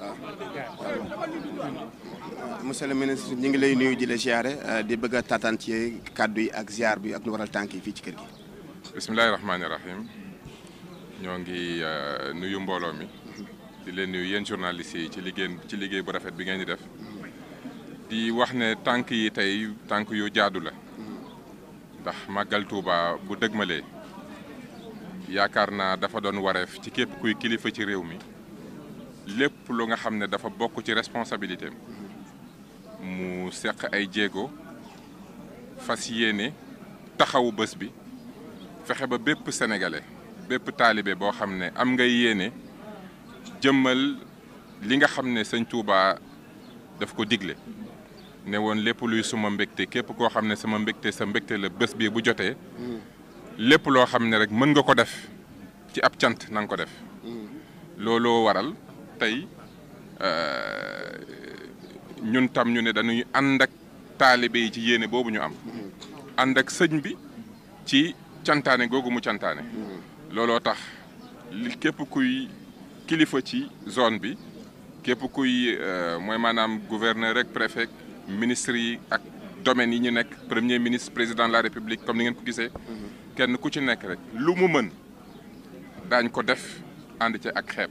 waaw monsieur le ministre ñu ngi lay nuyu di la euh, di bëgg a taataan kàddu yi ak ziar bi ak lu waral tànk yi fii ci kër gi. bisimilahi rahmaani rahim ñoo ngi euh, nuyu mbooloo mi. di leen nuyu yéen journalistes yi ci liggéey ci liggéey bu rafet bi ngeen di def. di wax ne tànk yi tey tànk yu jaadu la. ndax màggal Touba bu dëgmalee yaakaar naa dafa doon wareef ci képp kuy kilifa ci réew mi. lépp lu nga xam ne dafa bokk ci responsabilité mu seq ay jéego fas yéene taxawu bés bi fexe ba bépp sénégalais bépp taalibe boo xam ne am nga yéene jëmmal li nga xam ne sëñ Touba daf ko digle ne woon lépp luy suma mbégte képp koo xam ne sama mbégte sa mbégte la bés bii bu jotee lépp loo xam ne rek mën nga ko def ci ab cant nanga ko def mm. looloo waral tey euh, ñun tam ñu ne dañuy ànd ak taalibe yi ci yéene boobu ñu am ànd ak sëñ bi ci cantaane googu mu cantaane looloo tax li képp kuy kilifa ci zone bi képp kuy euh, mooy maanaam gouverneur rek préfet ministre yi ak domaines yi ñu nekk premier ministre président de la république comme ni ngeen ko gisee kenn ku ci nekk rek lu mu mën daañ ko def ànd ci ak xeeb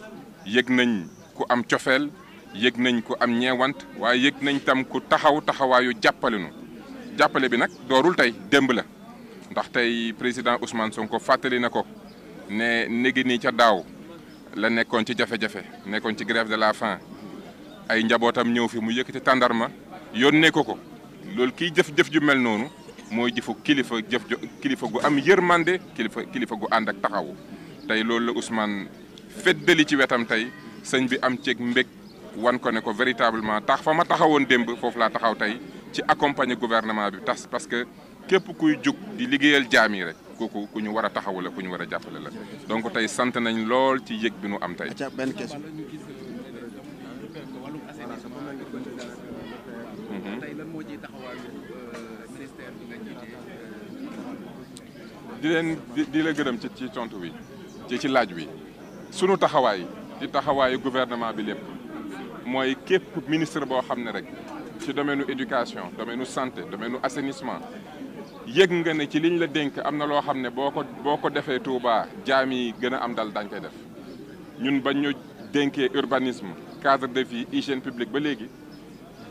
yëg nañ ku am cofeel yëg nañ ku am ñeewant waaye yëg nañ tam ku taxaw taxawaayu jàppale nu jàppale bi nag doorul tey démb la ndax tey président Ousmane ko fàttali na ko ne néegi nii ca daaw la nekkoon ci jafe-jafe nekkoon ci grève de la faim ay njabootam ñëw fi mu yëkkati tàndarma yónnee ko ko loolu kiy jëf-jëf ju mel noonu mooy jëfu kilifa jëf kilifa gu am yërmande kilifa kilifa gu ànd ak taxawu tey loolu la Ousmane. feddali ci wetam tay sëñ bi am ceeg mbég wan ko ne ko véritablement tax fa ma taxawoon démb foofu laa taxaw tay ci accompagner gouvernement bi tax parce que képp kuy jug di liggéeyal jami yi rek kooku ku ñu war a taxawu la ku ñu war a jàppale la donc tey sant nañ lool ci yëg bi nu am tey. benn question. Mhm. Euh, euh, di leen di la gërëm ci ci tontu bi ci ci laaj bi sunu taxaway ci taxawaayu gouvernement bi lepp moy képp ministre bo xamné rek ci domaine éducation domaine santé domaine assainissement yegg nga né ci liñ la dénk amna lo xamné boko boko défé Touba jami gëna am dal dañ koy def ñun bañ ñu urbanisme cadre de vie hygiène publique ba légui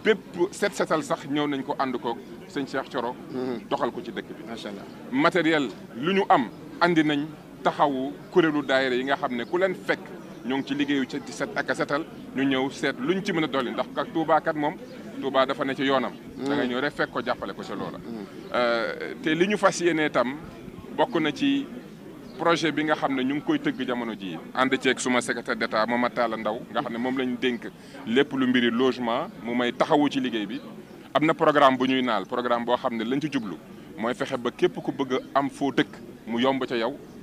bép set setal sax ñew nañ ko and ko sëñ Cheikh Thioro mm-hmm. doxal ko ci dëkk bi machallah matériel luñu am andi nañ taxawu kuréelu daayira yi nga xam ne ku leen fekk ñoo ngi ci liggéeyu ci set ak a setal ñu ñëw seet luñ ci mën a dolli ndax ak Touba moom Touba dafa ne ci yoonam. Mm. da nga ñëw rek fekk ko jàppale ko ci loola. Mm. Euh, te li ñu fas yéenee tam bokk na ci projet bi nga xam ne ñu ngi koy tëgg jamono jii. ànd ceeg suma secrétaire d'État Mama Talla Ndaw nga xam ne moom lañ dénk lépp lu mbiri logement mu may taxawu ci liggéey bi am na programme bu ñuy naal programme boo xam ne lañ ci jublu mooy fexe ba képp ku bëgg am foo dëkk mu yomb ca yow.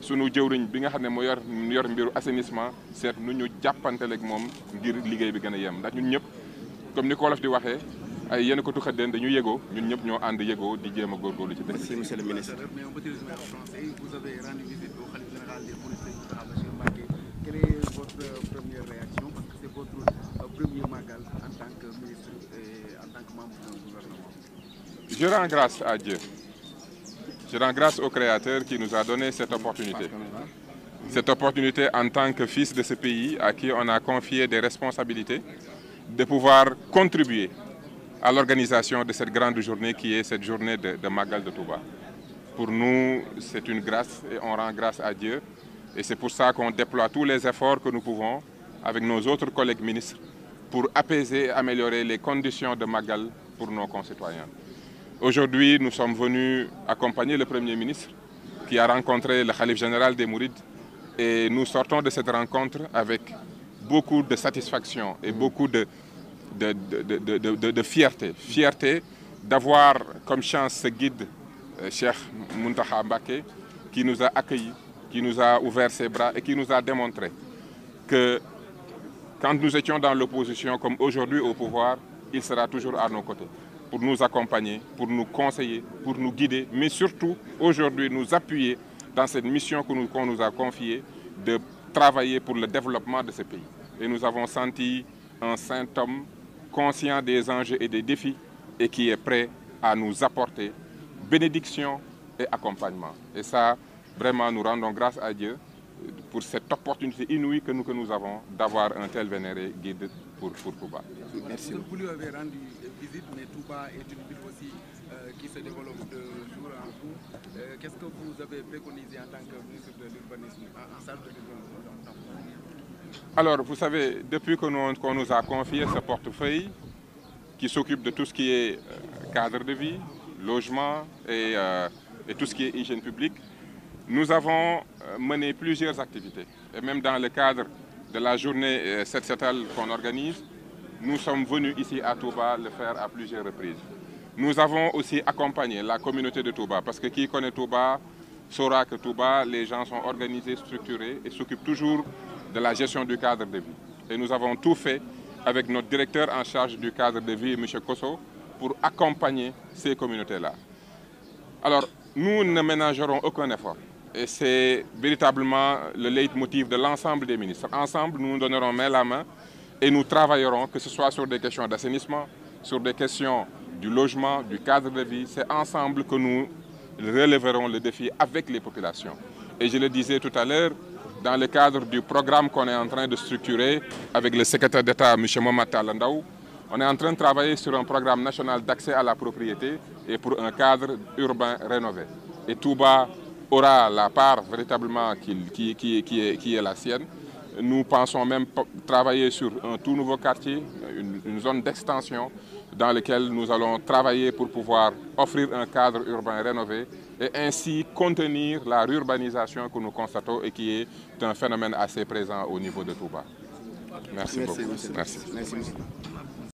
suñu jëwriñ bi nga xam mo yor yor mbiru assainissement seet nu ñu ak mom ngir liggéey bi gëna a ndax ñun ñëpp comme ni ko wolof di waxé ay yene ko tuxat den dañu yego ñun ñëpp ño and yego di gor gor lu ci dëkk monsieur le ministre vous avez rendu visite au khalif général des policiers de monsieur Mbacké quelle est votre euh, première réaction parce que c'est votre euh, premier magal en tant que ministre et en tant que membre du gouvernement je rends grâce à Dieu Je rends grâce au Créateur qui nous a donné cette opportunité. Cette opportunité en tant que fils de ce pays à qui on a confié des responsabilités de pouvoir contribuer à l'organisation de cette grande journée qui est cette journée de, Magal de Touba. Pour nous, c'est une grâce et on rend grâce à Dieu. Et c'est pour ça qu'on déploie tous les efforts que nous pouvons avec nos autres collègues ministres pour apaiser et améliorer les conditions de Magal pour nos concitoyens. Aujourd'hui, nous sommes venus accompagner le Premier ministre qui a rencontré le Khalif général des Mourides et nous sortons de cette rencontre avec beaucoup de satisfaction et beaucoup de, fierté. Fierté d'avoir comme chance ce guide, euh, Cheikh Muntaha Mbake, qui nous a accueillis, qui nous a ouvert ses bras et qui nous a démontré que quand nous étions dans l'opposition, comme aujourd'hui au pouvoir, il sera toujours à nos côtés pour nous accompagner, pour nous conseiller, pour nous guider, mais surtout aujourd'hui nous appuyer dans cette mission qu'on nous, a confiée de travailler pour le développement de ce pays. Et nous avons senti un saint homme conscient des enjeux et des défis et qui est prêt à nous apporter bénédiction et accompagnement. Et ça, vraiment, nous rendons grâce à Dieu pour cette opportunité inouïe que nous, avons d'avoir un tel vénéré guide pour, pour Cuba visite, mais Touba est une ville aussi euh, qui se développe de jour en jour. Euh, qu'est-ce que vous avez préconisé en tant que ministre de l'urbanisme, en, salle de l'urbanisme Alors, vous savez, depuis qu'on nous a confié ce portefeuille, qui s'occupe de tout ce qui est euh, cadre de vie, logement et, et tout ce qui est hygiène publique, nous avons mené plusieurs activités. Et même dans le cadre de la journée 7 qu'on organise, nous sommes venus ici à Touba le faire à plusieurs reprises. Nous avons aussi accompagné la communauté de Touba, parce que qui connaît Touba saura que Touba, les gens sont organisés, structurés et s'occupent toujours de la gestion du cadre de vie. Et nous avons tout fait avec notre directeur en charge du cadre de vie, M. Kosso, pour accompagner ces communautés-là. Alors, nous ne ménagerons aucun effort. Et c'est véritablement le leitmotiv de l'ensemble des ministres. Ensemble, nous nous donnerons main la main et nous travaillerons, que ce soit sur des questions d'assainissement, sur des questions du logement, du cadre de vie. C'est ensemble que nous relèverons le défi avec les populations. Et je le disais tout à l'heure, dans le cadre du programme qu'on est en train de structurer avec le secrétaire d'État, M. Momata Landaou, on est en train de travailler sur un programme national d'accès à la propriété et pour un cadre urbain rénové. Et Touba aura la part véritablement qui, qui, qui, est la sienne. Nous pensons même travailler sur un tout nouveau quartier, une, zone d'extension dans laquelle nous allons travailler pour pouvoir offrir un cadre urbain rénové et ainsi contenir la réurbanisation que nous constatons et qui est un phénomène assez présent au niveau de Touba. Merci, Merci beaucoup. Merci.